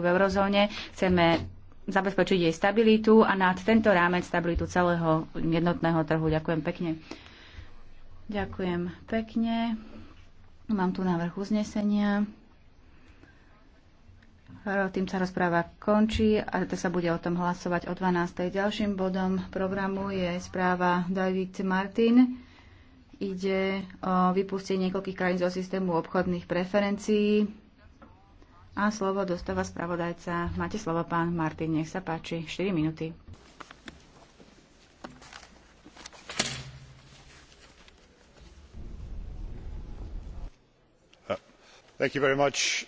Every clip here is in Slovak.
v eurozóne. Chceme zabezpečiť jej stabilitu a nad tento rámec stabilitu celého jednotného trhu. Ďakujem pekne. Ďakujem pekne. Mám tu návrh uznesenia. Tým sa rozpráva končí a to sa bude o tom hlasovať o 12. Ďalším bodom programu je správa David Martin. Ide o vypustenie niekoľkých krajín zo systému obchodných preferencií. A slovo dostáva spravodajca. Máte slovo, pán Martin, nech sa páči. 4 minúty. Much,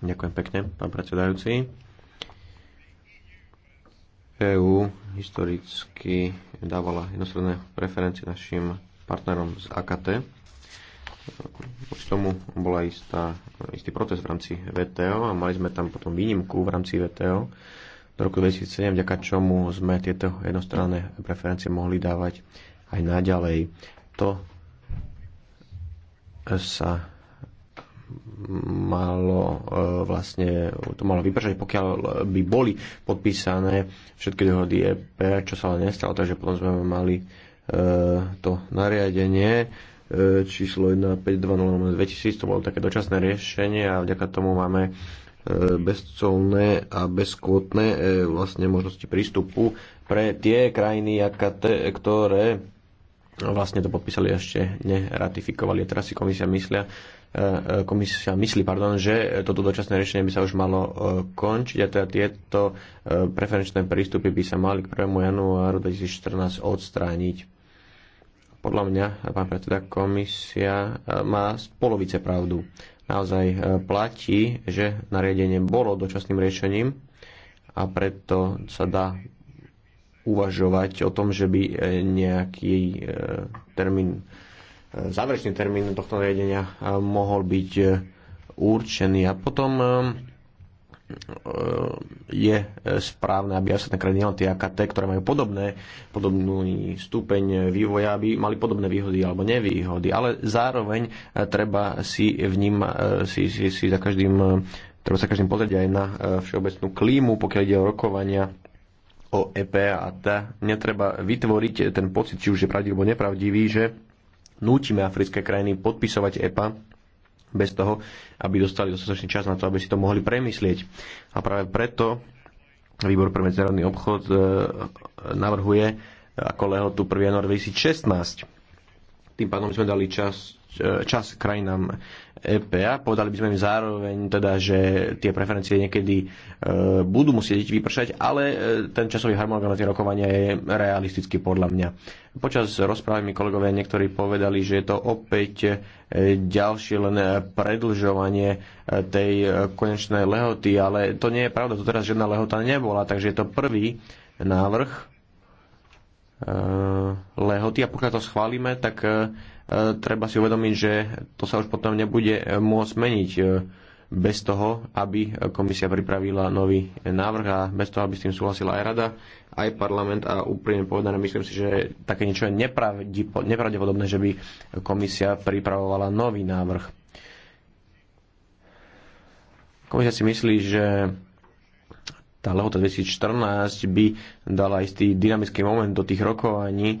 Ďakujem pekne, pán predsedajúci. EU historicky dávala jednostranné preferencie našim partnerom z AKT, už tomu bola istá, istý proces v rámci VTO a mali sme tam potom výnimku v rámci VTO do roku 2007, vďaka čomu sme tieto jednostranné preferencie mohli dávať aj naďalej. To sa malo e, vlastne, to malo vypršať, pokiaľ by boli podpísané všetky dohody EP, čo sa ale nestalo, takže potom sme mali e, to nariadenie E, číslo 1520 to bolo také dočasné riešenie a vďaka tomu máme e, bezcolné a bezkvotné e, vlastne možnosti prístupu pre tie krajiny, te, ktoré vlastne to podpísali ešte neratifikovali. A teraz si komisia myslia, komisia myslí, pardon, že toto dočasné riešenie by sa už malo končiť a teda tieto preferenčné prístupy by sa mali k 1. januáru 2014 odstrániť. Podľa mňa, pán predseda, komisia e, má z polovice pravdu. Naozaj e, platí, že nariadenie bolo dočasným riešením a preto sa dá uvažovať o tom, že by e, nejaký termín, záverečný termín tohto nariadenia mohol byť určený. A potom je e, správne, aby ostatné krajiny, nielen tie AKT, ktoré majú podobné, podobný stupeň vývoja, aby mali podobné výhody alebo nevýhody. Ale zároveň e, treba si ním, e, si, si, si za každým, treba sa každým pozrieť aj na všeobecnú klímu, pokiaľ ide o rokovania o EP a tá. Netreba vytvoriť ten pocit, či už je pravdivý alebo nepravdivý, že nútime africké krajiny podpisovať EPA bez toho, aby dostali dostatočný čas na to, aby si to mohli premyslieť. A práve preto Výbor pre medzinárodný obchod e, navrhuje ako lehotu 1. január 2016 tým pádom sme dali čas, e, čas krajinám EPA. Povedali by sme im zároveň teda, že tie preferencie niekedy e, budú musieť vypršať, ale e, ten časový harmonogram na tie rokovania je realistický podľa mňa. Počas rozprávy mi kolegovia niektorí povedali, že je to opäť ďalšie len predlžovanie tej konečnej lehoty, ale to nie je pravda, to teraz žiadna lehota nebola, takže je to prvý návrh Eh, lehoty a pokiaľ to schválime, tak eh, eh, treba si uvedomiť, že to sa už potom nebude môcť meniť bez toho, aby komisia pripravila nový návrh a bez toho, aby s tým súhlasila aj rada, aj parlament a úprimne povedané, myslím si, že také niečo je nepravdepodobné, že by komisia pripravovala nový návrh. Komisia si myslí, že tá lehota 2014 by dala istý dynamický moment do tých rokovaní e,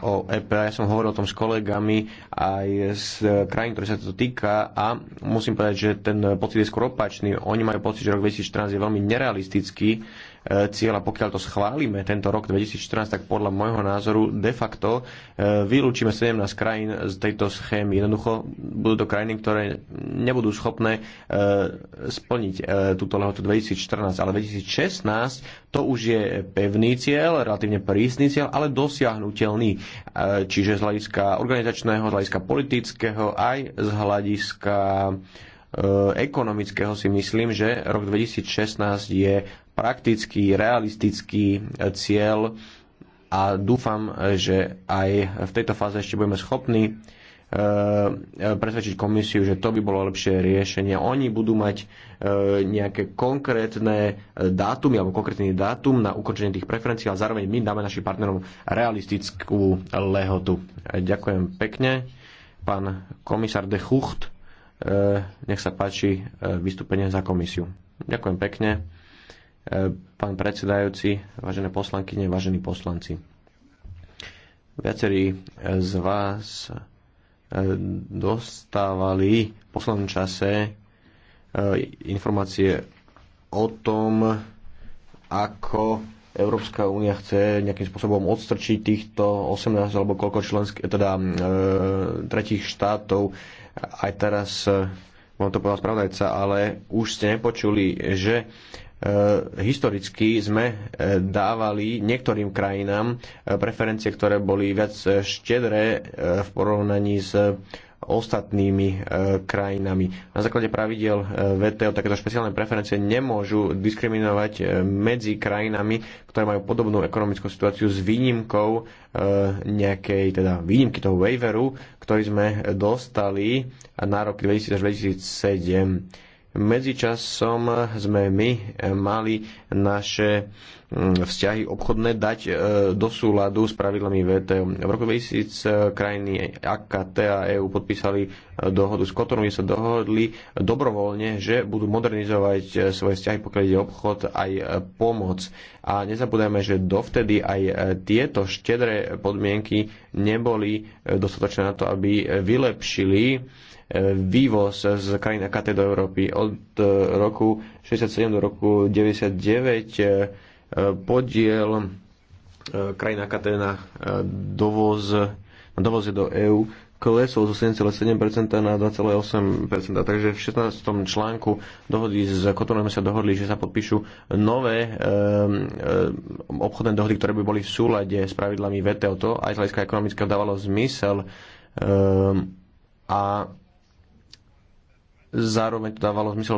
o EP. Ja som hovoril o tom s kolegami aj z krajín, ktoré sa to týka a musím povedať, že ten pocit je skôr opačný. Oni majú pocit, že rok 2014 je veľmi nerealistický E, cieľ a pokiaľ to schválime tento rok 2014, tak podľa môjho názoru de facto e, vylúčime 17 krajín z tejto schémy. Jednoducho budú to krajiny, ktoré nebudú schopné e, splniť túto lehotu 2014, ale 2016 to už je pevný cieľ, relatívne prísny cieľ, ale dosiahnutelný. Čiže z hľadiska organizačného, z hľadiska politického, aj z hľadiska ekonomického si myslím, že rok 2016 je praktický, realistický e, cieľ a dúfam, že aj v tejto fáze ešte budeme schopní e, e, presvedčiť komisiu, že to by bolo lepšie riešenie. Oni budú mať nejaké konkrétne dátumy alebo konkrétny dátum na ukončenie tých preferencií, ale zároveň my dáme našim partnerom realistickú lehotu. Ďakujem pekne. Pán komisár de Chucht, nech sa páči vystúpenie za komisiu. Ďakujem pekne pán predsedajúci, vážené poslankyne, vážení poslanci. Viacerí z vás e, dostávali v poslednom čase e, informácie o tom, ako Európska únia chce nejakým spôsobom odstrčiť týchto 18 alebo koľko členských, e, teda e, tretich štátov. Aj teraz e, vám to povedal spravodajca, ale už ste nepočuli, že E, historicky sme e, dávali niektorým krajinám e, preferencie, ktoré boli viac štedré v porovnaní s ostatnými krajinami. Na základe pravidel VTO takéto špeciálne preferencie nemôžu diskriminovať medzi krajinami, ktoré majú podobnú ekonomickú situáciu s výnimkou nejakej teda výnimky toho waiveru, ktorý sme dostali na roky 2000 až 2007 Medzičasom sme my eh, mali naše mm, vzťahy obchodné dať eh, do súladu s pravidlami VTO. V roku 2000 eh, krajiny AKT a EU podpísali dohodu s Kotonou, kde sa dohodli dobrovoľne, že budú modernizovať svoje vzťahy, pokiaľ ide obchod aj pomoc. A nezabúdajme, že dovtedy aj tieto štedré podmienky neboli dostatočné na to, aby vylepšili vývoz z krajín AKT do Európy. Od e, roku 67 do roku 99 e, podiel e, krajín AKT na dovoz na dovoze do EÚ klesol zo 7,7% na 2,8%. Takže v 16. článku dohody s Kotonou sa dohodli, že sa podpíšu nové e, e, obchodné dohody, ktoré by boli v súlade s pravidlami VTO. To aj z hľadiska ekonomického dávalo zmysel. E, a zároveň to dávalo zmysel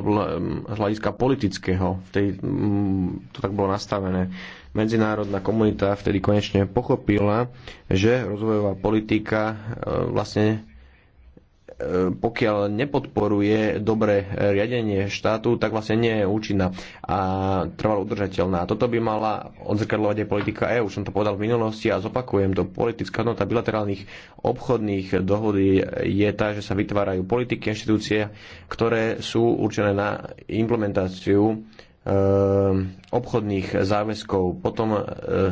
z hľadiska politického. vtedy mm, to tak bolo nastavené. Medzinárodná komunita vtedy konečne pochopila, že rozvojová politika e, vlastne E, pokiaľ nepodporuje dobré riadenie štátu, tak vlastne nie je účinná a trvalo udržateľná. Toto by mala odzrkadlovať aj politika EÚ. Už som to povedal v minulosti a zopakujem to. Politická hodnota bilaterálnych obchodných dohod je tá, že sa vytvárajú politiky, inštitúcie, ktoré sú určené na implementáciu e, obchodných záväzkov. Potom e,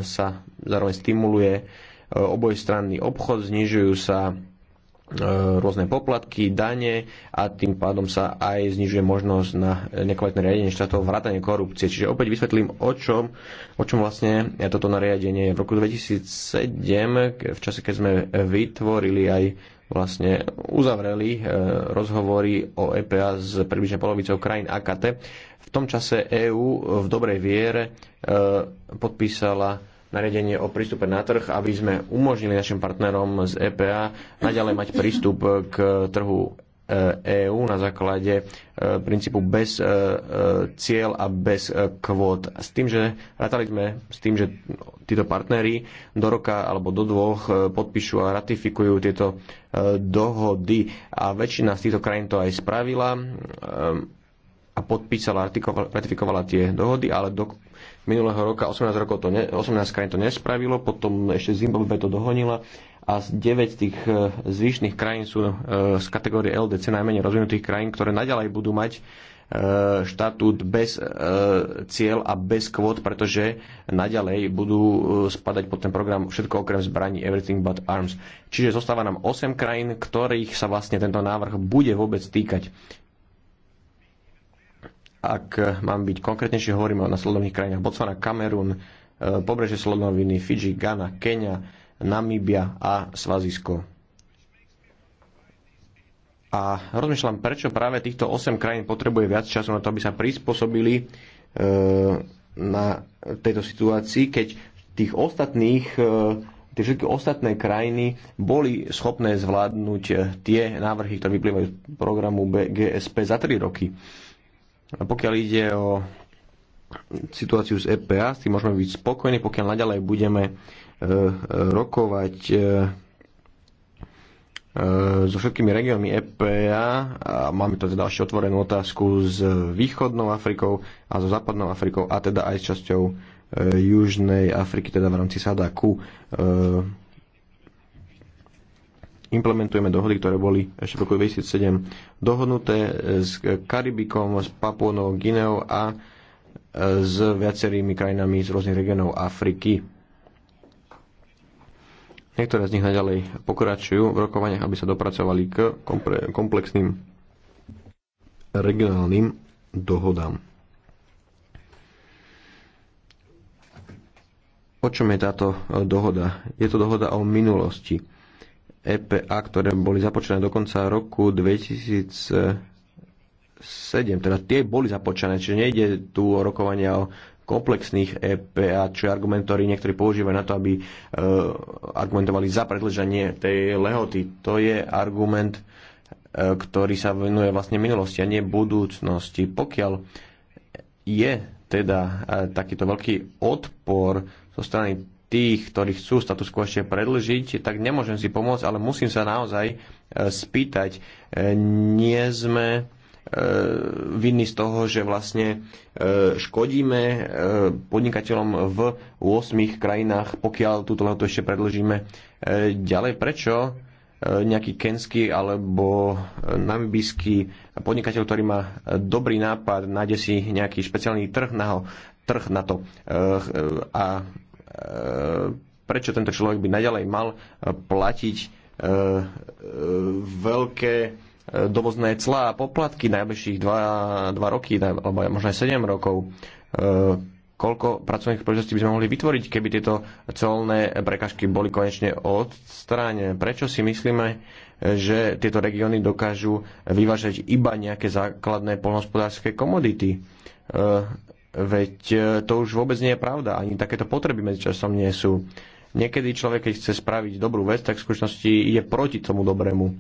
sa zároveň stimuluje obojstranný obchod, znižujú sa E, rôzne poplatky, dane a tým pádom sa aj znižuje možnosť na nekvalitné riadenie štátov vrátanie korupcie. Čiže opäť vysvetlím, o čom, o čom vlastne toto nariadenie V roku 2007, v čase, keď sme vytvorili aj vlastne uzavreli e, rozhovory o EPA s približne polovicou krajín AKT, v tom čase EÚ v dobrej viere e, podpísala nariadenie o prístupe na trh, aby sme umožnili našim partnerom z EPA naďalej mať prístup k trhu EÚ e na základe e, princípu bez e, cieľ a bez kvót. S tým, že ratali sme s tým, že títo partnery do roka alebo do dvoch podpíšu a ratifikujú tieto dohody a väčšina z týchto krajín to aj spravila ehm, podpísala, ratifikovala tie dohody, ale do minulého roka 18, rokov to ne, 18 krajín to nespravilo, potom ešte Zimbabwe to dohonila a z 9 tých e, zvyšných krajín sú e, z kategórie LDC najmenej rozvinutých krajín, ktoré naďalej budú mať e, štatút bez cieľ a bez kvót, pretože naďalej budú spadať pod ten program všetko okrem zbraní Everything but Arms. Čiže zostáva nám 8 krajín, ktorých sa vlastne tento návrh bude vôbec týkať. Ak mám byť konkrétnejšie, hovoríme o nasledovných krajinách Botswana, Kamerun, e, pobrežie Slonoviny, Fidži, Ghana, Kenia, Namíbia a Svazisko. A rozmýšľam, prečo práve týchto 8 krajín potrebuje viac času na to, aby sa prispôsobili e, na tejto situácii, keď tých ostatných e, tie všetky ostatné krajiny boli schopné zvládnuť tie návrhy, ktoré vyplývajú z programu BGSP za 3 roky. A pokiaľ ide o situáciu z EPA, s tým môžeme byť spokojní, pokiaľ naďalej budeme e, rokovať e, e, so všetkými regiónmi EPA a máme to teda ešte otvorenú otázku s východnou Afrikou a so západnou Afrikou a teda aj s časťou Južnej Afriky, teda v rámci SADAKu implementujeme dohody, ktoré boli ešte v roku 2007 dohodnuté s Karibikom, s Papuonou, Gineou a e, s viacerými krajinami z rôznych regionov Afriky. Niektoré z nich naďalej pokračujú v rokovaniach, aby sa dopracovali k komplexným regionálnym dohodám. O čom je táto dohoda? Je to dohoda o minulosti EPA, ktoré boli započané do konca roku 2007. Teda tie boli započané, čiže nejde tu o rokovania o komplexných EPA, čo je argument, ktorý niektorí používajú na to, aby e, argumentovali za predlženie tej lehoty. To je argument, e, ktorý sa venuje vlastne minulosti a nie budúcnosti. Pokiaľ je teda e, takýto veľký odpor zo strany tých, ktorí chcú status quo ešte predlžiť, tak nemôžem si pomôcť, ale musím sa naozaj e, spýtať. E, nie sme e, vinní z toho, že vlastne škodíme podnikateľom v 8 krajinách, pokiaľ túto lehotu ešte predlžíme ďalej. Prečo nejaký kenský alebo namibijský podnikateľ, ktorý má dobrý nápad, nájde si nejaký špeciálny trh na, ho, trh na to a E, prečo tento človek by naďalej mal e, platiť e, veľké dovozné clá a poplatky najbližších 2, 2 roky, alebo možno aj 7 rokov. Koľko pracovných príležitostí by sme mohli vytvoriť, keby tieto colné prekažky boli konečne odstránené? Prečo si myslíme, že tieto regióny dokážu vyvážať iba nejaké základné polnohospodárske komodity? Veď e, to už vôbec nie je pravda. Ani takéto potreby medzičasom nie sú. Niekedy človek, keď chce spraviť dobrú vec, tak v skutočnosti ide proti tomu dobrému.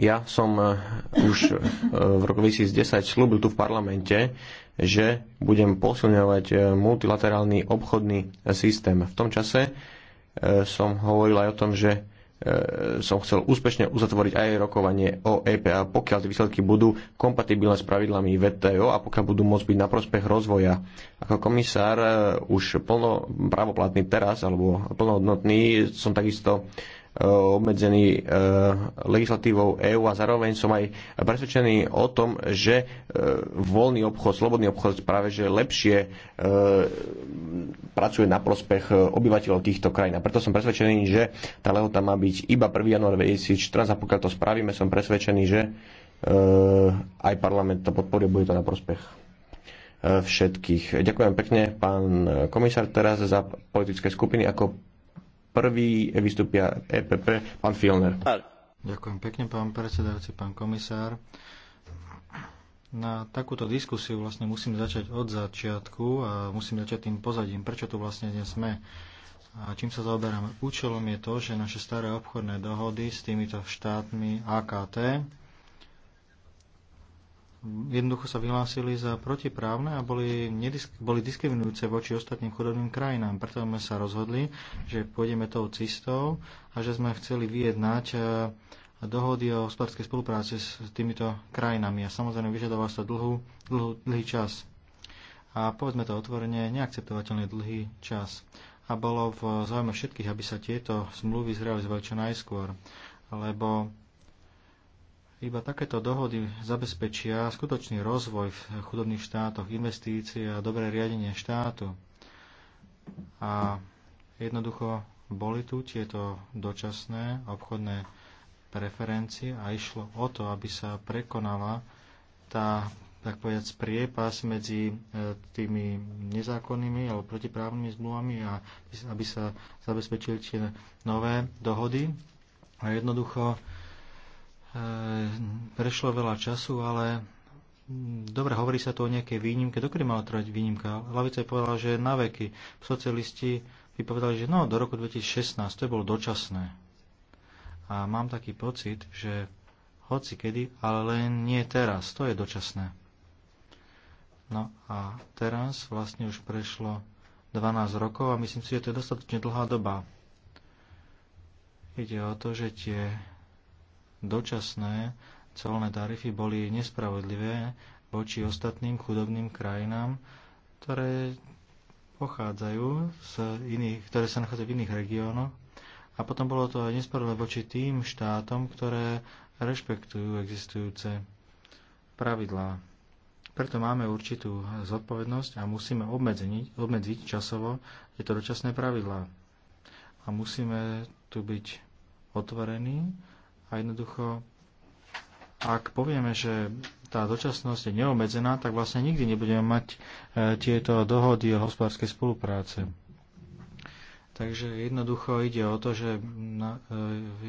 Ja som e, už e, v roku 2010 slúbil tu v parlamente, že budem posilňovať multilaterálny obchodný systém. V tom čase som hovoril aj o tom, že E, som chcel úspešne uzatvoriť aj rokovanie o EPA, pokiaľ tie výsledky budú kompatibilné s pravidlami VTO a pokiaľ budú môcť byť na prospech rozvoja. Ako komisár e, už plno právoplatný teraz, alebo plnohodnotný, som takisto Eh, obmedzený eh, legislatívou EÚ a zároveň som aj presvedčený o tom, že eh, voľný obchod, slobodný obchod práve že lepšie pracuje na prospech obyvateľov týchto krajín. A preto som presvedčený, že tá lehota má byť iba 1. január 2014 a pokiaľ to spravíme, som presvedčený, že aj parlament to podporuje bude to na prospech všetkých. Ďakujem pekne, pán komisár, teraz za politické skupiny ako Prvý vystúpia EPP, pán Filner. Ďakujem pekne, pán predsedajúci, pán komisár. Na takúto diskusiu vlastne musím začať od začiatku a musím začať tým pozadím, prečo tu vlastne dnes sme. A čím sa zaoberáme? Účelom je to, že naše staré obchodné dohody s týmito štátmi AKT jednoducho sa vyhlásili za protiprávne a boli, nedisk- boli diskriminujúce voči ostatným chudobným krajinám. Preto sme sa rozhodli, že pôjdeme tou cestou a že sme chceli vyjednať e, dohody o hospodárskej spolupráci s týmito krajinami. A samozrejme vyžadoval sa dlhú, dlhú, dlhý čas. A povedzme to otvorene, neakceptovateľne dlhý čas. A bolo v záujme všetkých, aby sa tieto zmluvy zrealizovali čo najskôr. Lebo iba takéto dohody zabezpečia skutočný rozvoj v chudobných štátoch, investície a dobré riadenie štátu. A jednoducho boli tu tieto dočasné obchodné preferencie a išlo o to, aby sa prekonala tá, tak povedať, priepas medzi e, tými nezákonnými alebo protiprávnymi zmluvami a aby sa zabezpečili tie nové dohody. A jednoducho Eh, prešlo veľa času, ale dobre, hovorí sa tu o nejakej výnimke. Dokedy mala trvať výnimka? Lavica je povedala, že na veky. Socialisti by povedali, že no, do roku 2016 to je bolo dočasné. A mám taký pocit, že hoci kedy, ale len nie teraz. To je dočasné. No a teraz vlastne už prešlo 12 rokov a myslím si, že to je dostatočne dlhá doba. Ide o to, že tie dočasné colné tarify boli nespravodlivé voči ostatným chudobným krajinám, ktoré pochádzajú z iných, ktoré sa nachádzajú v iných regiónoch. A potom bolo to aj nespravodlivé voči tým štátom, ktoré rešpektujú existujúce pravidlá. Preto máme určitú zodpovednosť a musíme obmedziť, obmedziť časovo tieto dočasné pravidlá. A musíme tu byť otvorení a jednoducho, ak povieme, že tá dočasnosť je neobmedzená, tak vlastne nikdy nebudeme mať e, tieto dohody o hospodárskej spolupráce. Takže jednoducho ide o to, že na, e, v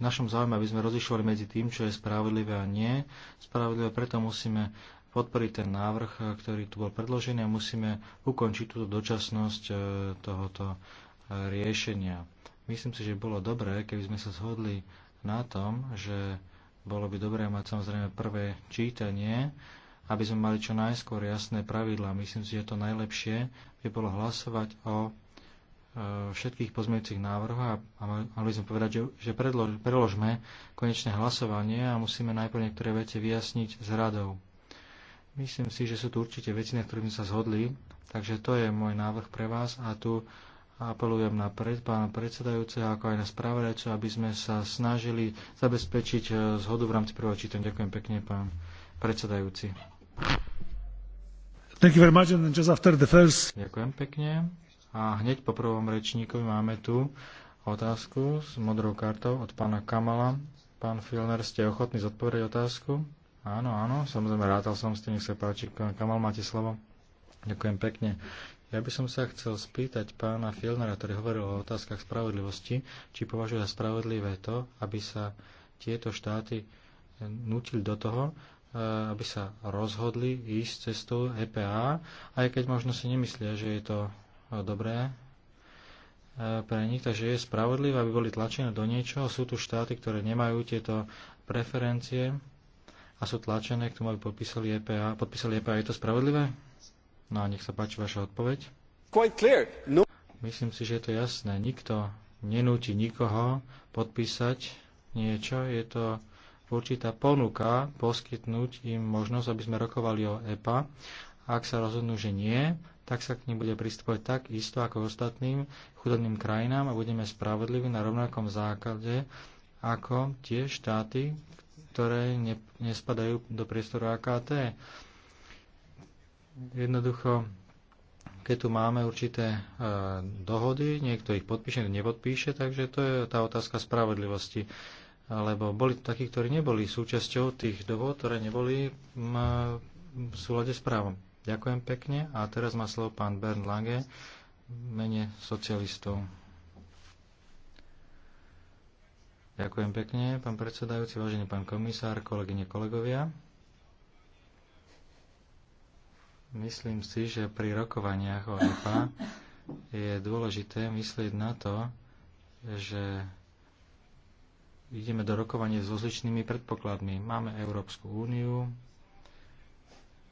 našom záujme, aby sme rozlišovali medzi tým, čo je spravodlivé a nie spravodlivé, preto musíme podporiť ten návrh, e, ktorý tu bol predložený a musíme ukončiť túto dočasnosť e, tohoto e, riešenia. Myslím si, že bolo dobré, keby sme sa zhodli na tom, že bolo by dobré mať samozrejme prvé čítanie, aby sme mali čo najskôr jasné pravidlá. Myslím si, že to najlepšie by bolo hlasovať o e, všetkých pozmeňujúcich návrhoch a mali sme povedať, že, že predlož, preložme konečné hlasovanie a musíme najprv niektoré veci vyjasniť s radou. Myslím si, že sú tu určite veci, na ktorých sme sa zhodli, takže to je môj návrh pre vás a tu apelujem na pred, pána predsedajúceho, ako aj na spravodajcu, aby sme sa snažili zabezpečiť e, zhodu v rámci prvého čítania. Ďakujem pekne, pán predsedajúci. Thank you very much, and just after the first... Ďakujem pekne. A hneď po prvom rečníkovi máme tu otázku s modrou kartou od pána Kamala. Pán Filner, ste ochotní zodpovedať otázku? Áno, áno, samozrejme rátal som s tým, nech sa páči. Pán Kamal, máte slovo. Ďakujem pekne. Ja by som sa chcel spýtať pána Filnera, ktorý hovoril o otázkach spravodlivosti, či považuje za spravodlivé to, aby sa tieto štáty nutili do toho, eh, aby sa rozhodli ísť cestou EPA, aj keď možno si nemyslia, že je to eh, dobré eh, pre nich, takže je spravodlivé, aby boli tlačené do niečoho. Sú tu štáty, ktoré nemajú tieto preferencie a sú tlačené k tomu, aby podpísali EPA. Podpísali EPA, je to spravodlivé? No a nech sa páči vaša odpoveď. No. Myslím si, že je to jasné. Nikto nenúti nikoho podpísať niečo. Je to určitá ponuka poskytnúť im možnosť, aby sme rokovali o EPA. Ak sa rozhodnú, že nie, tak sa k nim bude pristupovať tak isto ako ostatným chudobným krajinám a budeme spravodliví na rovnakom základe ako tie štáty, ktoré ne, nespadajú do priestoru AKT. Jednoducho, keď tu máme určité e, dohody, niekto ich podpíše, nepodpíše, takže to je tá otázka spravodlivosti. Lebo boli takí, ktorí neboli súčasťou tých dohod, ktoré neboli v súlade s právom. Ďakujem pekne a teraz má slovo pán Bernd Lange mene socialistov. Ďakujem pekne, pán predsedajúci, vážený pán komisár, kolegyne, kolegovia. Myslím si, že pri rokovaniach o EPA je dôležité myslieť na to, že ideme do rokovania s rozličnými predpokladmi. Máme Európsku úniu,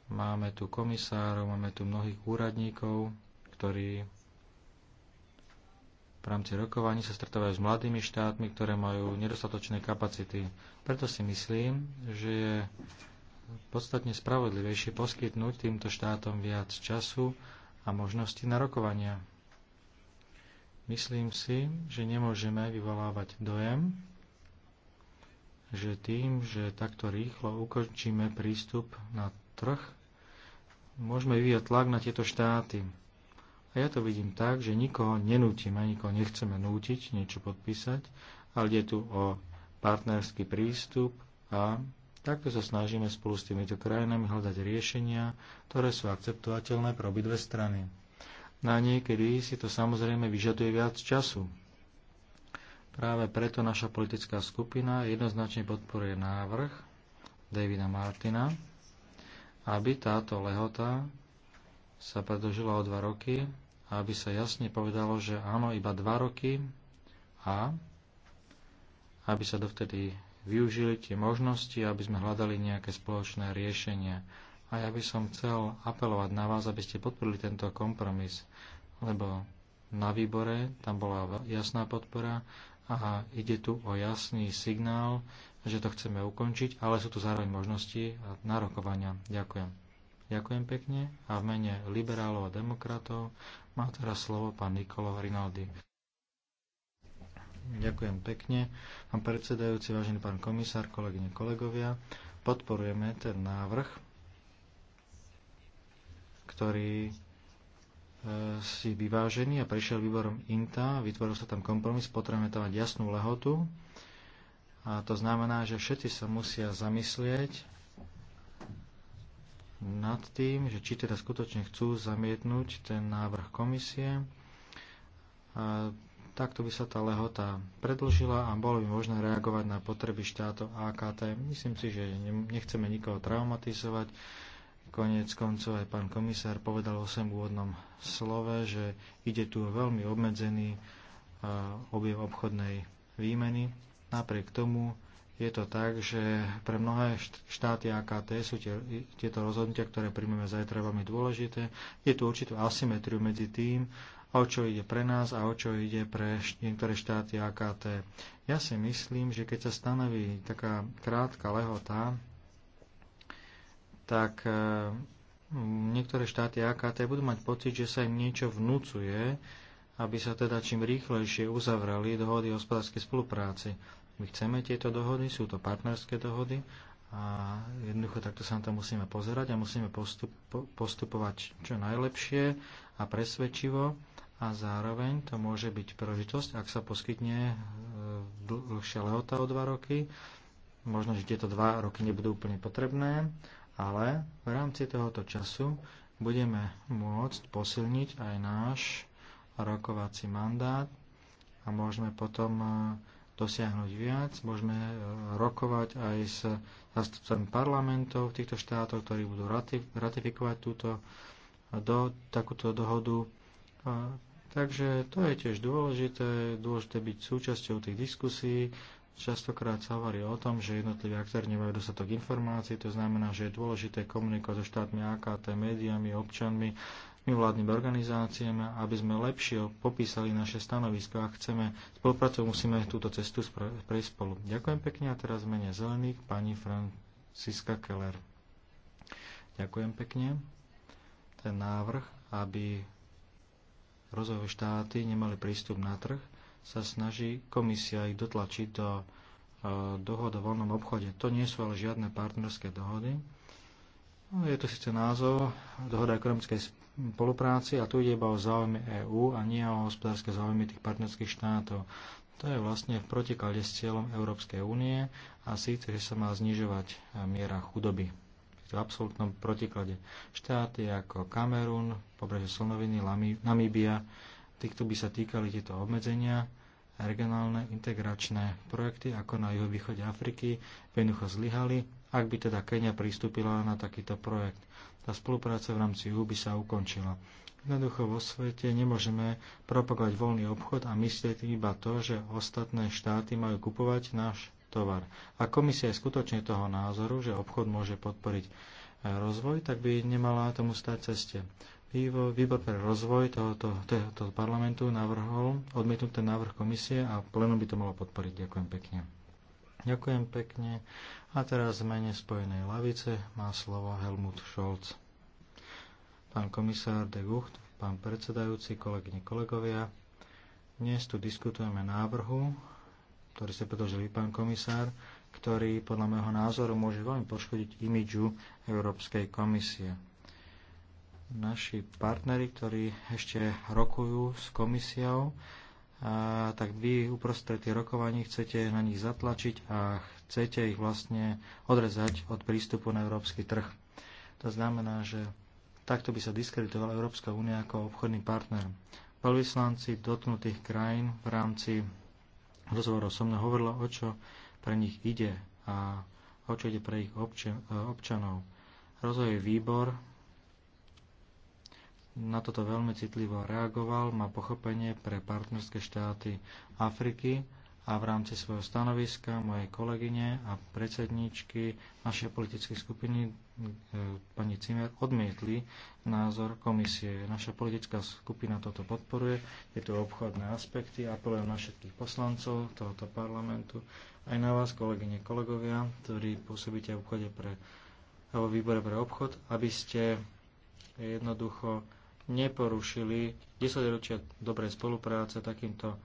máme tu komisárov, máme tu mnohých úradníkov, ktorí v rámci rokovaní sa stretávajú s mladými štátmi, ktoré majú nedostatočné kapacity. Preto si myslím, že je podstatne spravodlivejšie poskytnúť týmto štátom viac času a možnosti na rokovania. Myslím si, že nemôžeme vyvolávať dojem, že tým, že takto rýchlo ukončíme prístup na trh, môžeme vyvíjať tlak na tieto štáty. A ja to vidím tak, že nikoho nenútime, nikoho nechceme nútiť niečo podpísať, ale je tu o partnerský prístup a Takto sa snažíme spolu s týmito krajinami hľadať riešenia, ktoré sú akceptovateľné pre obidve strany. Na niekedy si to samozrejme vyžaduje viac času. Práve preto naša politická skupina jednoznačne podporuje návrh Davida Martina, aby táto lehota sa predlžila o dva roky a aby sa jasne povedalo, že áno, iba dva roky a aby sa dovtedy využili tie možnosti, aby sme hľadali nejaké spoločné riešenia. A ja by som chcel apelovať na vás, aby ste podporili tento kompromis, lebo na výbore tam bola jasná podpora a ide tu o jasný signál, že to chceme ukončiť, ale sú tu zároveň možnosti a narokovania. Ďakujem. Ďakujem pekne a v mene liberálov a demokratov má teraz slovo pán Nikolo Rinaldi. Ďakujem pekne. Pán predsedajúci, vážený pán komisár, kolegyne, kolegovia, podporujeme ten návrh, ktorý e, si vyvážený a prišiel výborom INTA, vytvoril sa tam kompromis, potrebujeme tam mať jasnú lehotu a to znamená, že všetci sa musia zamyslieť nad tým, že či teda skutočne chcú zamietnúť ten návrh komisie. A Takto by sa tá lehota predlžila a bolo by možné reagovať na potreby štátov AKT. Myslím si, že nechceme nikoho traumatizovať. Konec koncov aj pán komisár povedal o svojom úvodnom slove, že ide tu o veľmi obmedzený objem obchodnej výmeny. Napriek tomu je to tak, že pre mnohé štáty AKT sú tie, tieto rozhodnutia, ktoré príjmeme zajtra, veľmi dôležité. Je tu určitú asymetriu medzi tým, o čo ide pre nás a o čo ide pre niektoré štáty AKT. Ja si myslím, že keď sa stanoví taká krátka lehota, tak e, niektoré štáty AKT budú mať pocit, že sa im niečo vnúcuje, aby sa teda čím rýchlejšie uzavrali dohody o hospodárskej spolupráci. My chceme tieto dohody, sú to partnerské dohody a jednoducho takto sa na to musíme pozerať a musíme postup, postupovať čo najlepšie a presvedčivo a zároveň to môže byť prežitosť, ak sa poskytne e, dlhšia lehota o dva roky. Možno, že tieto dva roky nebudú úplne potrebné, ale v rámci tohoto času budeme môcť posilniť aj náš rokovací mandát a môžeme potom e, dosiahnuť viac. Môžeme e, rokovať aj s zastupcami parlamentov v týchto štátoch, ktorí budú ratifikovať túto do, takúto dohodu Takže to je tiež dôležité, dôležité byť súčasťou tých diskusí. Častokrát sa hovorí o tom, že jednotliví aktéri nemajú dostatok informácií, to znamená, že je dôležité komunikovať so štátmi AKT, médiami, občanmi, mimovládnymi organizáciami, aby sme lepšie popísali naše stanovisko. a chceme spolupracovať, musíme túto cestu prejsť spolu. Ďakujem pekne a teraz mene zelených pani Franciska Keller. Ďakujem pekne. Ten návrh, aby rozvojové štáty nemali prístup na trh, sa snaží komisia ich dotlačiť do e, dohod o voľnom obchode. To nie sú ale žiadne partnerské dohody. No, je to síce názov dohoda ekonomickej spolupráci a tu ide iba o záujmy EÚ a nie o hospodárske záujmy tých partnerských štátov. To je vlastne v protiklade s cieľom Európskej únie a síce, že sa má znižovať miera chudoby v absolútnom protiklade. Štáty ako Kamerún, pobreže Slonoviny, Namíbia, týchto by sa týkali tieto obmedzenia, regionálne integračné projekty ako na juhovýchode Afriky venucho jednoducho zlyhali, ak by teda Kenia pristúpila na takýto projekt. Tá spolupráca v rámci EU by sa ukončila. Jednoducho vo svete nemôžeme propagovať voľný obchod a myslieť iba to, že ostatné štáty majú kupovať náš tovar. A komisia je skutočne toho názoru, že obchod môže podporiť e, rozvoj, tak by nemala tomu stať ceste. Výbor pre rozvoj tohoto, tohoto parlamentu navrhol odmietnúť ten návrh komisie a pleno by to malo podporiť. Ďakujem pekne. Ďakujem pekne. A teraz v mene Spojenej lavice má slovo Helmut Scholz. Pán komisár de Gucht, pán predsedajúci, kolegyne, kolegovia, dnes tu diskutujeme návrhu ktorý ste predložili pán komisár, ktorý podľa môjho názoru môže veľmi poškodiť imidžu Európskej komisie. Naši partneri, ktorí ešte rokujú s komisiou, a tak vy uprostred tých rokovaní chcete na nich zatlačiť a chcete ich vlastne odrezať od prístupu na európsky trh. To znamená, že takto by sa diskreditovala Európska únia ako obchodný partner. Veľvyslanci dotknutých krajín v rámci rozhovorov so mnou hovorila, o čo pre nich ide a o čo ide pre ich e, občanov. Rozvoj výbor na toto veľmi citlivo reagoval, má pochopenie pre partnerské štáty Afriky a v rámci svojho stanoviska mojej kolegyne a predsedníčky našej politickej skupiny e, pani Cimer odmietli názor komisie. Naša politická skupina toto podporuje, je tu obchodné aspekty, apelujem na všetkých poslancov tohoto parlamentu, aj na vás, kolegyne, kolegovia, ktorí pôsobíte v obchode pre, alebo výbore pre obchod, aby ste jednoducho neporušili 10 ročia dobrej spolupráce takýmto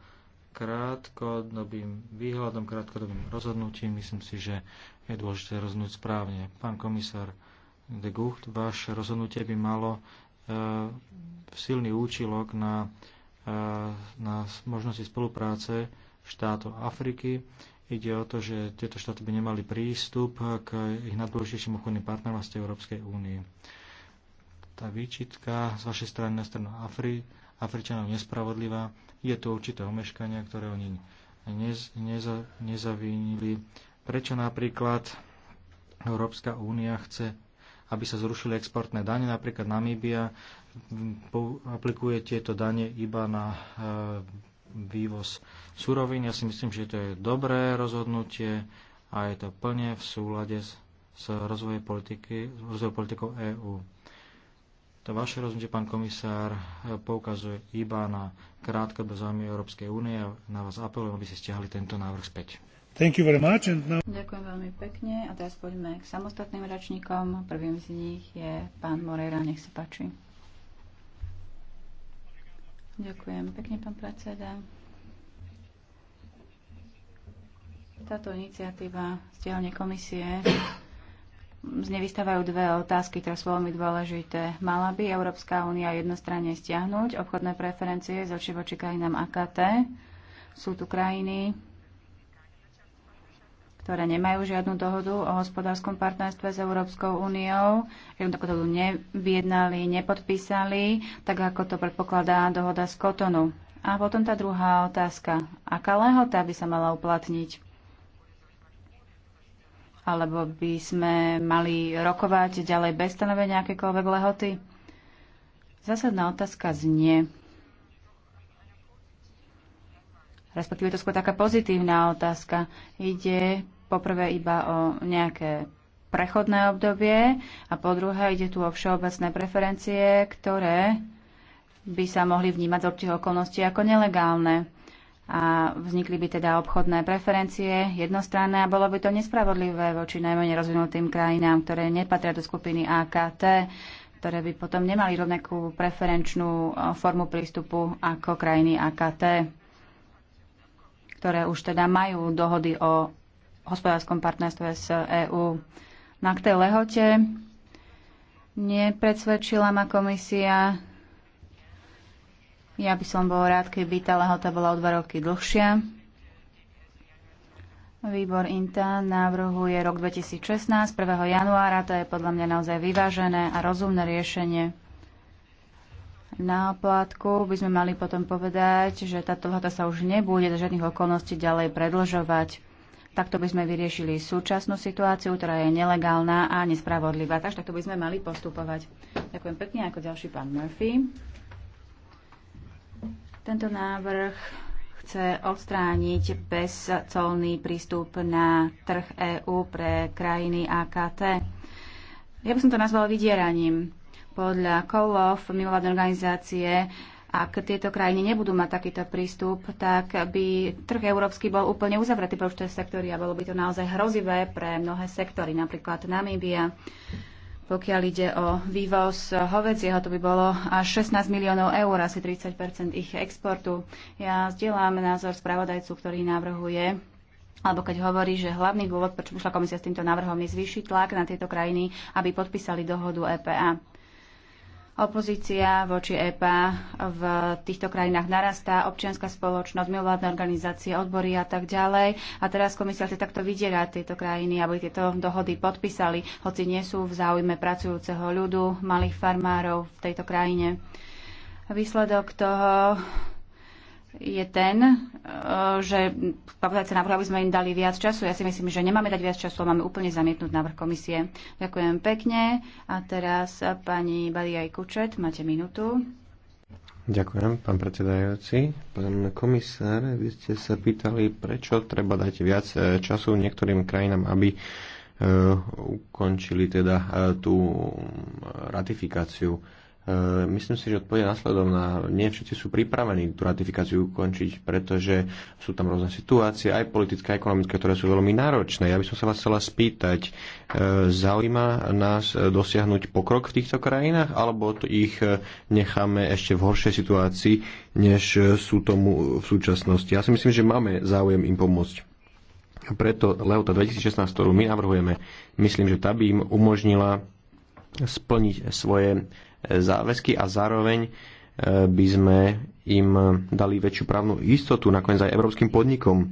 krátkodobým výhľadom, krátkodobým rozhodnutím. Myslím si, že je dôležité rozhodnúť správne. Pán komisár de Gucht, vaše rozhodnutie by malo uh, silný účilok na, uh, na možnosti spolupráce štátov Afriky. Ide o to, že tieto štáty by nemali prístup k ich najdôležitejším obchodným partnerom z Európskej únie tá výčitka z vašej strany na stranu Afri, Afričanov nespravodlivá. Je tu určité omeškania, ktoré oni nez, neza, nezavínili. Prečo napríklad Európska únia chce, aby sa zrušili exportné dane, napríklad Namíbia aplikuje tieto dane iba na e, vývoz surovín. Ja si myslím, že to je dobré rozhodnutie a je to plne v súlade s, s rozvojom rozvoj politikou EÚ. To vaše rozhodnutie, pán komisár, e, poukazuje iba na do záujmy Európskej únie a na vás apelujem, aby ste stiahli tento návrh späť. Thank you very much and now... Ďakujem veľmi pekne a teraz poďme k samostatným račníkom. Prvým z nich je pán Moreira, nech sa páči. Ďakujem pekne, pán predseda. Táto iniciatíva stiahne komisie nevystávajú dve otázky, ktoré sú veľmi dôležité. Mala by Európska únia jednostranne stiahnuť obchodné preferencie z oči voči krajinám AKT? Sú tu krajiny, ktoré nemajú žiadnu dohodu o hospodárskom partnerstve s Európskou úniou, žiadnu takú dohodu nevyjednali, nepodpísali, tak ako to predpokladá dohoda z Kotonu. A potom tá druhá otázka. Aká lehota by sa mala uplatniť? alebo by sme mali rokovať ďalej bez stanovenia akékoľvek lehoty? Zásadná otázka znie, respektíve to skôr taká pozitívna otázka. Ide poprvé iba o nejaké prechodné obdobie a po druhé ide tu o všeobecné preferencie, ktoré by sa mohli vnímať z určitých okolností ako nelegálne a vznikli by teda obchodné preferencie jednostranné a bolo by to nespravodlivé voči najmenej rozvinutým krajinám, ktoré nepatria do skupiny AKT, ktoré by potom nemali rovnakú preferenčnú e, formu prístupu ako krajiny AKT, ktoré už teda majú dohody o hospodárskom partnerstve s EÚ. Na no k tej lehote nepredsvedčila ma komisia ja by som bol rád, keby tá lehota bola o dva roky dlhšia. Výbor INTA návrhuje rok 2016, 1. januára. To je podľa mňa naozaj vyvážené a rozumné riešenie. Na oplátku by sme mali potom povedať, že táto lehota sa už nebude za žiadnych okolností ďalej predlžovať. Takto by sme vyriešili súčasnú situáciu, ktorá je nelegálna a nespravodlivá. Takže takto by sme mali postupovať. Ďakujem pekne, ako ďalší pán Murphy. Tento návrh chce odstrániť bezcolný prístup na trh EÚ pre krajiny AKT. Ja by som to nazvala vydieraním. Podľa Kolov, mimovládnej organizácie, ak tieto krajiny nebudú mať takýto prístup, tak by trh európsky bol úplne uzavretý pre určité sektory a bolo by to naozaj hrozivé pre mnohé sektory, napríklad Namíbia pokiaľ ide o vývoz hovedzieho, to by bolo až 16 miliónov eur, asi 30 ich exportu. Ja zdieľam názor spravodajcu, ktorý navrhuje alebo keď hovorí, že hlavný dôvod, prečo ušla komisia s týmto návrhom, je zvýšiť tlak na tieto krajiny, aby podpísali dohodu EPA. Opozícia voči EPA v týchto krajinách narastá, občianská spoločnosť, mimovládne organizácie, odbory a tak ďalej. A teraz komisia chce takto vydierať tieto krajiny, aby tieto dohody podpísali, hoci nie sú v záujme pracujúceho ľudu, malých farmárov v tejto krajine. Výsledok toho je ten, e, že sa navrhu, aby sme im dali viac času. Ja si myslím, že nemáme dať viac času máme úplne zamietnúť návrh komisie. Ďakujem pekne. A teraz e, pani Badiaj Kučet, máte minútu. Ďakujem, pán predsedajúci. Pán komisár, vy ste sa pýtali, prečo treba dať viac e, času niektorým krajinám, aby ukončili teda tú ratifikáciu E, myslím si, že odpovede následovná. Nie všetci sú pripravení tú ratifikáciu ukončiť, pretože sú tam rôzne situácie, aj politické, aj ekonomické, ktoré sú veľmi náročné. Ja by som sa vás chcela spýtať, e, zaujíma nás dosiahnuť pokrok v týchto krajinách, alebo to ich e, necháme ešte v horšej situácii, než sú tomu v súčasnosti? Ja si myslím, že máme záujem im pomôcť. Preto Leota 2016, ktorú my navrhujeme, myslím, že tá by im umožnila splniť svoje záväzky a zároveň e, by sme im dali väčšiu právnu istotu, nakoniec aj európskym podnikom,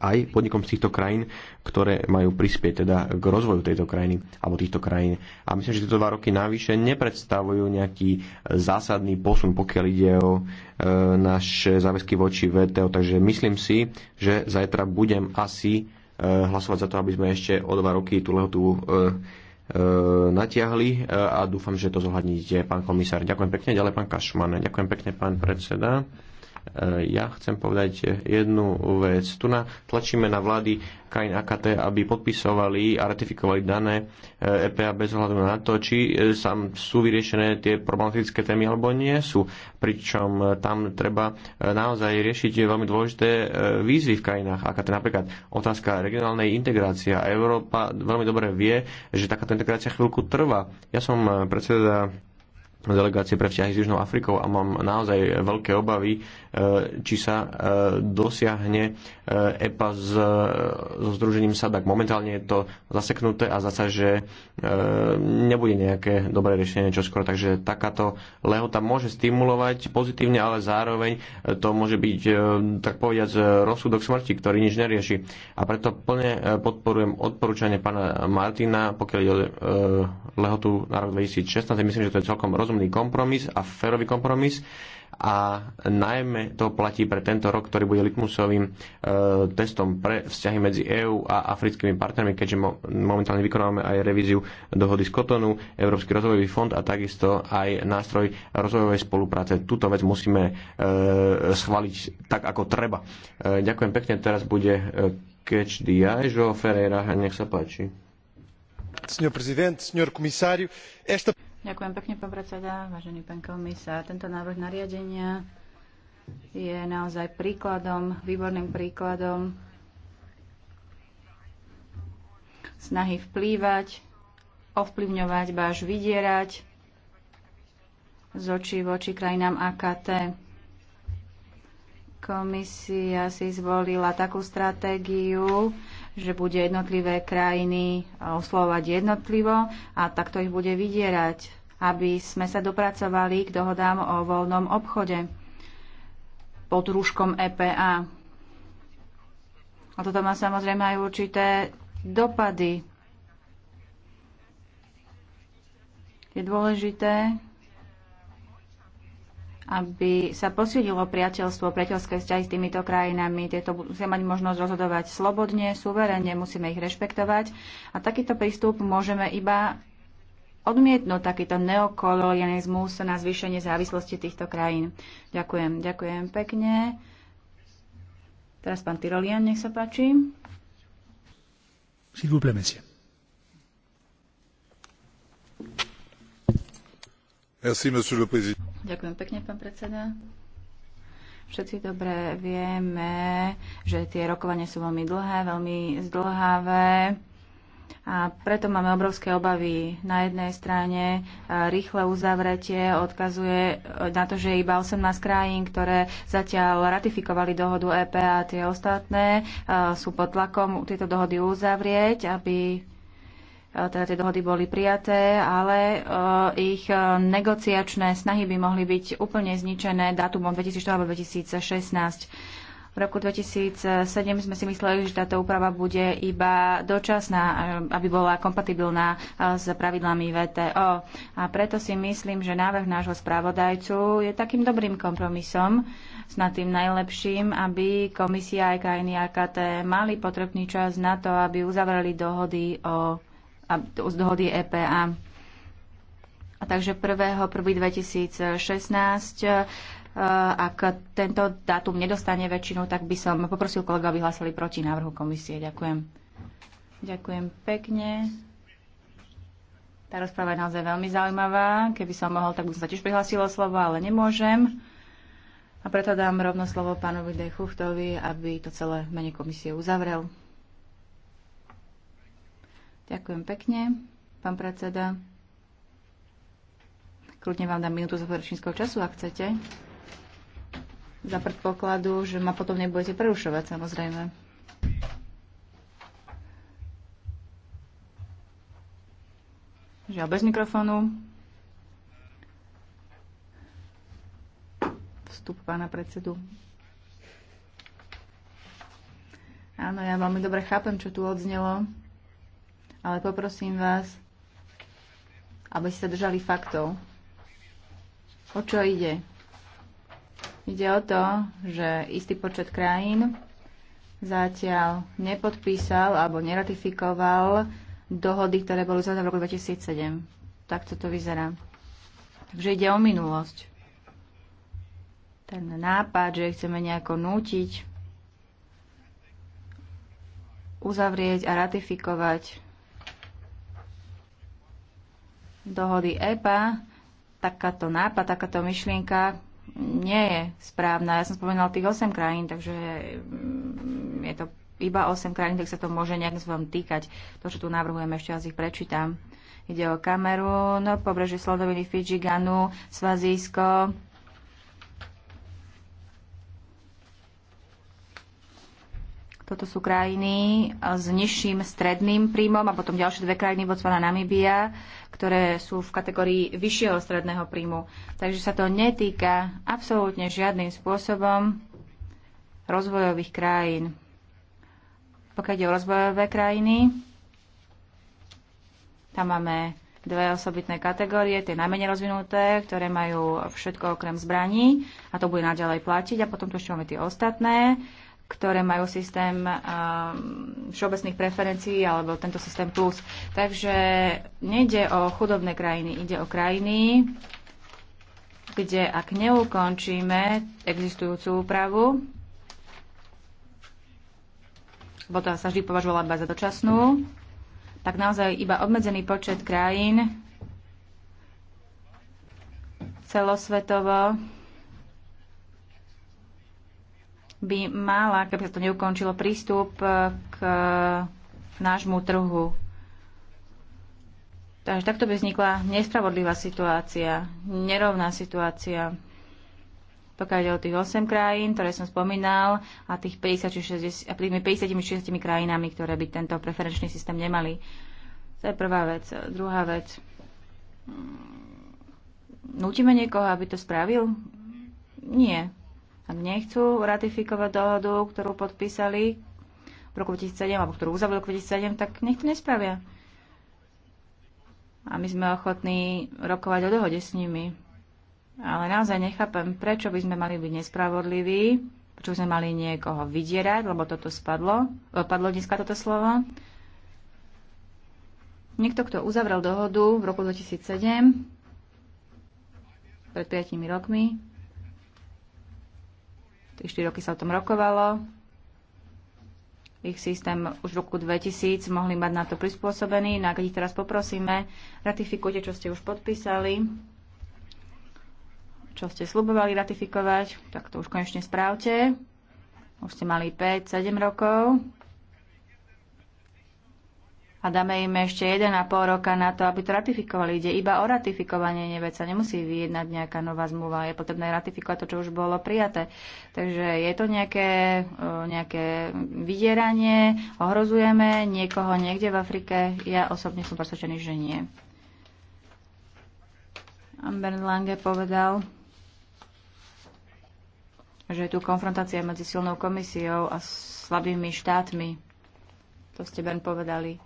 aj podnikom z týchto krajín, ktoré majú prispieť teda k rozvoju tejto krajiny alebo týchto krajín. A myslím, že tieto dva roky navyše nepredstavujú nejaký zásadný posun, pokiaľ ide o e, naše záväzky voči VTO. Takže myslím si, že zajtra budem asi e, hlasovať za to, aby sme ešte o dva roky tú lehotu e, E, natiahli e, a dúfam, že to zohľadníte, pán komisár. Ďakujem pekne, ďalej pán Kašman. Ďakujem pekne, pán predseda. E, ja chcem povedať jednu vec. Tu na, tlačíme na vlády krajín AKT, aby podpisovali a ratifikovali dané EPA e bez ohľadu na to, či e, sam sú vyriešené tie problematické témy alebo nie sú. Pričom tam treba naozaj riešiť veľmi dôležité výzvy v krajinách AKT. Napríklad otázka regionálnej integrácie. Európa veľmi dobre vie, že takáto integrácia chvíľku trvá. Ja som predseda delegácie pre vzťahy s Južnou Afrikou a mám naozaj veľké obavy, e, či sa e, dosiahne EPA e s, so združením SADAK. Momentálne je to zaseknuté a zasa, že nebude nejaké dobré riešenie čoskoro, takže takáto lehota môže stimulovať pozitívne, ale zároveň to môže byť, tak povediať, rozsudok smrti, ktorý nič nerieši. A preto plne podporujem odporúčanie pána Martina, pokiaľ ide o lehotu na rok 2016. Myslím, že to je celkom rozumné rozumný kompromis a férový kompromis a najmä to platí pre tento rok, ktorý bude litmusovým e, testom pre vzťahy medzi EÚ a africkými partnermi, keďže mo- momentálne vykonávame aj revíziu dohody z Kotonu, Európsky rozvojový fond a takisto aj nástroj rozvojovej spolupráce. Túto vec musíme e, schváliť tak, ako treba. E, ďakujem pekne, teraz bude Keč catch the Ferreira, nech sa páči. Senhor Presidente, Senhor Comissário, esta... Ďakujem pekne, pán predseda, vážený pán komisár. Tento návrh nariadenia je naozaj príkladom, výborným príkladom snahy vplývať, ovplyvňovať, až vydierať z očí voči krajinám AKT. Komisia si zvolila takú stratégiu, že bude jednotlivé krajiny eh, oslovať jednotlivo a takto ich bude vydierať, aby sme sa dopracovali k dohodám o voľnom obchode pod rúškom EPA. A toto má samozrejme aj určité dopady. Je dôležité, aby sa posilnilo priateľstvo, priateľské vzťahy s týmito krajinami. Tieto musia mať možnosť rozhodovať slobodne, suverene, musíme ich rešpektovať. A takýto prístup môžeme iba odmietnúť takýto neokolonializmus na zvýšenie závislosti týchto krajín. Ďakujem, ďakujem pekne. Teraz pán Tyrolian, nech sa páči. S'il vous plaît, Merci, monsieur le président. Ďakujem pekne, pán predseda. Všetci dobre vieme, že tie rokovania sú veľmi dlhé, veľmi zdlhavé. A preto máme obrovské obavy. Na jednej strane e, rýchle uzavretie odkazuje e, na to, že iba 18 krajín, ktoré zatiaľ ratifikovali dohodu EP a tie ostatné e, sú pod tlakom tieto dohody uzavrieť, aby E, teda tie dohody boli prijaté, ale e, ich e, negociačné snahy by mohli byť úplne zničené dátumom 2004 alebo 2016. V roku 2007 sme si mysleli, že táto úprava bude iba dočasná, aby bola kompatibilná s pravidlami VTO. A preto si myslím, že návrh nášho správodajcu je takým dobrým kompromisom, snad tým najlepším, aby komisia aj krajiny AKT mali potrebný čas na to, aby uzavreli dohody o z dohody EPA. A takže 1.1.2016 e, ak tento dátum nedostane väčšinu, tak by som poprosil kolega, aby hlasili proti návrhu komisie. Ďakujem. Ďakujem pekne. Tá rozpráva je naozaj veľmi zaujímavá. Keby som mohol, tak by som sa tiež prihlásila slovo, ale nemôžem. A preto dám rovno slovo pánovi Dechuchtovi, aby to celé mene komisie uzavrel. Ďakujem pekne, pán predseda. Kľudne vám dám minútu záverečníckého času, ak chcete. Za predpokladu, že ma potom nebudete prerušovať, samozrejme. Žiaľ, bez mikrofónu. Vstup pána predsedu. Áno, ja veľmi dobre chápem, čo tu odznelo ale poprosím vás, aby ste sa držali faktov. O čo ide? Ide o to, že istý počet krajín zatiaľ nepodpísal alebo neratifikoval dohody, ktoré boli uzavreté v roku 2007. Tak toto vyzerá. Takže ide o minulosť. Ten nápad, že chceme nejako nútiť, uzavrieť a ratifikovať dohody EPA takáto nápad, takáto myšlienka nie je správna. Ja som spomenal tých 8 krajín, takže mm, je to iba 8 krajín, tak sa to môže nejakým spôsobom týkať. To, čo tu navrhujem, ešte raz ich prečítam. Ide o Kamerún, pobrežie Slodoviny, Fidži, Ganu, Svazísko, Toto sú krajiny e, s nižším stredným príjmom a potom ďalšie dve krajiny, Botswana Namibia, ktoré sú v kategórii vyššieho stredného príjmu. Takže sa to netýka absolútne žiadnym spôsobom rozvojových krajín. Pokiaľ ide o rozvojové krajiny, tam máme dve osobitné kategórie, tie najmenej rozvinuté, ktoré majú všetko okrem zbraní a to bude naďalej platiť a potom tu ešte máme tie ostatné ktoré majú systém ehm, všeobecných preferencií alebo tento systém plus. Takže nejde o chudobné krajiny, ide o krajiny, kde ak neukončíme existujúcu úpravu, bo to sa vždy považovala iba za dočasnú, tak naozaj iba obmedzený počet krajín celosvetovo by mala, keby sa to neukončilo, prístup e, k nášmu trhu. Takže takto by vznikla nespravodlivá situácia, nerovná situácia. Pokiaľ ide o tých 8 krajín, ktoré som spomínal, a tých 50 či 60, a tými 50 či 60 krajinami, ktoré by tento preferenčný systém nemali. To je prvá vec. Druhá vec. Nutíme niekoho, aby to spravil? Nie nechcú ratifikovať dohodu, ktorú podpísali v roku 2007, alebo ktorú uzavreli v roku 2007, tak nech to nespravia. A my sme ochotní rokovať o dohode s nimi. Ale naozaj nechápem, prečo by sme mali byť nespravodliví, prečo by sme mali niekoho vydierať, lebo toto spadlo, e, padlo dneska toto slovo. Niekto, kto uzavrel dohodu v roku 2007, pred 5 rokmi, 4 roky sa o tom rokovalo. Ich systém už v roku 2000 mohli mať na to prispôsobený. No a keď ich teraz poprosíme, ratifikujte, čo ste už podpísali, čo ste slubovali ratifikovať, tak to už konečne správte. Už ste mali 5-7 rokov a dáme im ešte 1,5 roka na to, aby to ratifikovali. Ide iba o ratifikovanie, nevec sa nemusí vyjednať nejaká nová zmluva, je potrebné ratifikovať to, čo už bolo prijaté. Takže je to nejaké, nejaké vydieranie, ohrozujeme niekoho niekde v Afrike, ja osobne som presvedčený, že nie. Amber Lange povedal, že je tu konfrontácia medzi silnou komisiou a slabými štátmi. To ste Ben povedali.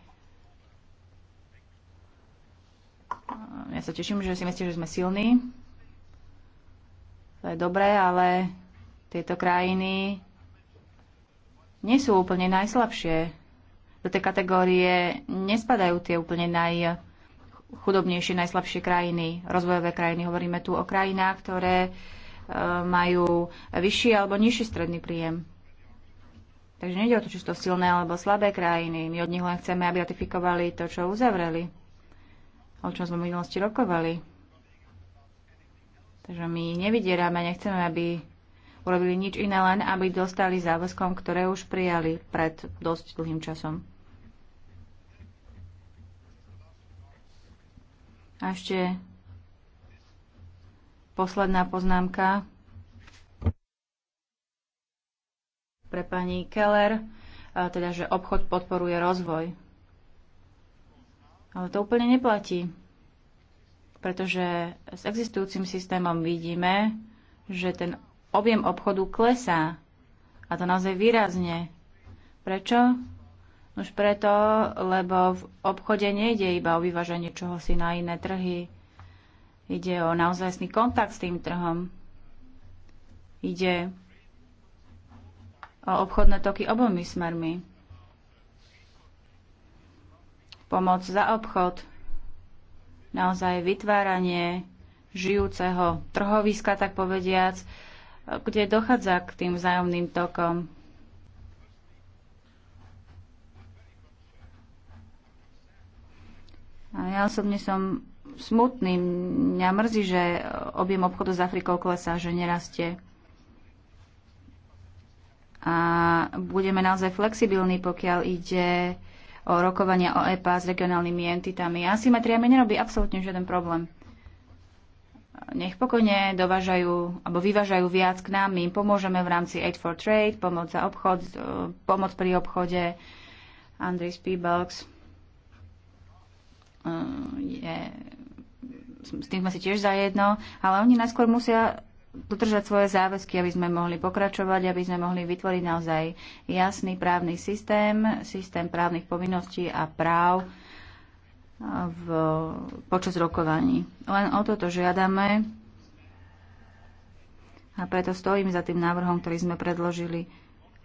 Ja sa teším, že si myslíte, že sme silní. To je dobré, ale tieto krajiny nie sú úplne najslabšie. Do tej kategórie nespadajú tie úplne najchudobnejšie, najslabšie krajiny, rozvojové krajiny. Hovoríme tu o krajinách, ktoré e, majú vyšší alebo nižší stredný príjem. Takže nejde o to, či sú to silné alebo slabé krajiny. My od nich len chceme, aby ratifikovali to, čo uzavreli o čom sme v minulosti rokovali. Takže my nevydierame, nechceme, aby urobili nič iné, len aby dostali záväzkom, ktoré už prijali pred dosť dlhým časom. A ešte posledná poznámka pre pani Keller, teda že obchod podporuje rozvoj. Ale to úplne neplatí, pretože s existujúcim systémom vidíme, že ten objem obchodu klesá. A to naozaj výrazne. Prečo? Už preto, lebo v obchode nejde iba o vyvážanie čohosi na iné trhy. Ide o naozajstný kontakt s tým trhom. Ide o obchodné toky obomi smermi pomoc za obchod, naozaj vytváranie žijúceho trhoviska, tak povediac, kde dochádza k tým vzájomným tokom. A ja osobne som smutný. Mňa mrzí, že objem obchodu s Afrikou klesá, že nerastie. A budeme naozaj flexibilní, pokiaľ ide o rokovania o EPA s regionálnymi entitami. Asymetria mi nerobí absolútne žiaden problém. Nech pokojne dovažajú alebo vyvážajú viac k nám. My im pomôžeme v rámci Aid for Trade, pomoc za obchod, e, pomoc pri obchode. Andrej Spiebox e, je s tým sme si tiež zajedno, ale oni najskôr musia dodržať svoje záväzky, aby sme mohli pokračovať, aby sme mohli vytvoriť naozaj jasný právny systém, systém právnych povinností a práv eh, v, počas rokovaní. Len o toto žiadame a preto stojím za tým návrhom, ktorý sme predložili.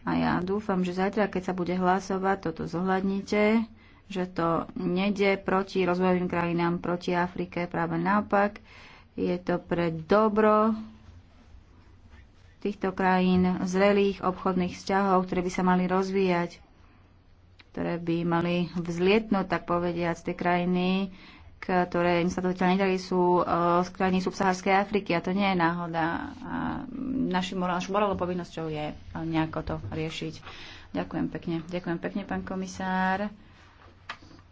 A ja dúfam, že zajtra, keď sa bude hlasovať, toto zohľadnite, že to nede proti rozvojovým krajinám, proti Afrike, práve naopak. Je to pre dobro týchto krajín zrelých obchodných vzťahov, ktoré by sa mali rozvíjať, ktoré by mali vzlietnúť, tak povediať, z tej krajiny, ktoré im sa to zatiaľ nedali, sú eh, z krajiny subsaharskej Afriky a to nie je náhoda. A našim, našou morálnou povinnosťou je nejako to riešiť. Ďakujem pekne. Ďakujem pekne, pán komisár.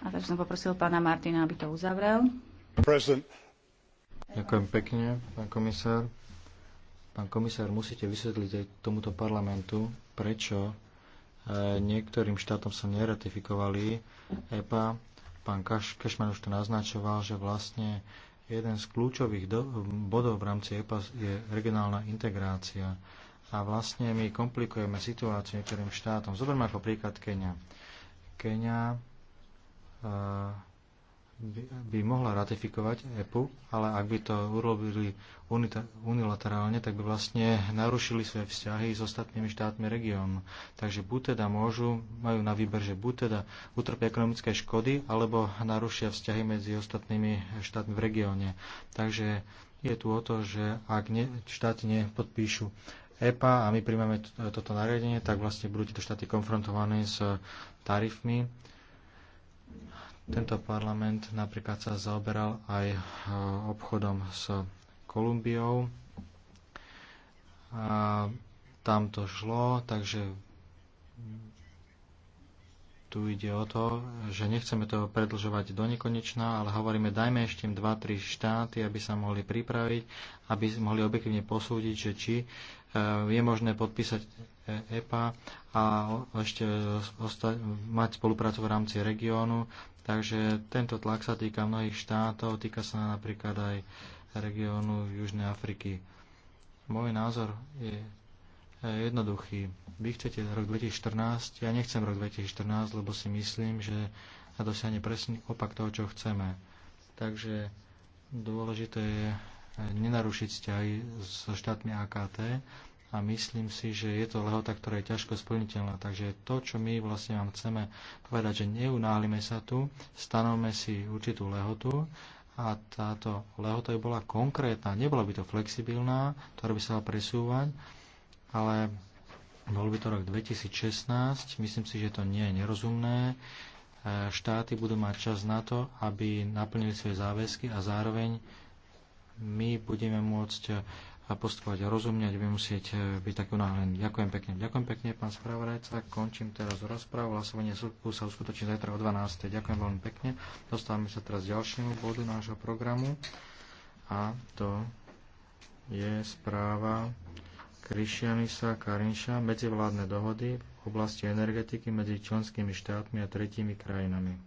A takže som poprosil pána Martina, aby to uzavrel. President. Ďakujem pekne, pán komisár. Pán komisár, musíte vysvetliť aj tomuto parlamentu, prečo e, niektorým štátom sa neratifikovali EPA. Pán Kašman už to naznačoval, že vlastne jeden z kľúčových bodov v rámci EPA je regionálna integrácia. A vlastne my komplikujeme situáciu niektorým štátom. Zoberme ako príklad Kenia. Kenia e, by, by mohla ratifikovať EPU, ale ak by to urobili unilaterálne, tak by vlastne narušili svoje vzťahy s ostatnými štátmi regiónu. Takže buď teda môžu, majú na výber, že buď teda utrpia ekonomické škody, alebo narušia vzťahy medzi ostatnými štátmi v regióne. Takže je tu o to, že ak ne, štáty nepodpíšu EPA a my príjmeme toto nariadenie, tak vlastne budú tieto štáty konfrontované s tarifmi, tento parlament napríklad sa zaoberal aj eh, obchodom s Kolumbiou. A tam to šlo, takže tu ide o to, že nechceme to predlžovať do nekonečna, ale hovoríme, dajme ešte 2-3 štáty, aby sa mohli pripraviť, aby mohli objektívne posúdiť, že či eh, je možné podpísať EPA eh, e a ešte mať spoluprácu v rámci regiónu. Takže tento tlak sa týka mnohých štátov, týka sa napríklad aj regiónu Južnej Afriky. Môj názor je jednoduchý. Vy chcete rok 2014, ja nechcem rok 2014, lebo si myslím, že sa dosiahne presný opak toho, čo chceme. Takže dôležité je nenarušiť vzťahy so štátmi AKT a myslím si, že je to lehota, ktorá je ťažko splniteľná. Takže to, čo my vlastne vám chceme povedať, že neunálime sa tu, stanovme si určitú lehotu a táto lehota by bola konkrétna, nebola by to flexibilná, ktorá by sa dala presúvať, ale bol by to rok 2016, myslím si, že to nie je nerozumné. E, štáty budú mať čas na to, aby naplnili svoje záväzky a zároveň my budeme môcť a postupovať a rozumieť, by musieť eh, byť tak unáhlený. Ďakujem pekne. Ďakujem pekne, pán spravodajca. Končím teraz rozprávu. Hlasovanie súdku sa uskutoční zajtra o 12. Ďakujem veľmi pekne. Dostávame sa teraz k ďalšiemu bodu nášho programu a to je správa Krišianisa Karinša medzivládne dohody v oblasti energetiky medzi členskými štátmi a tretími krajinami.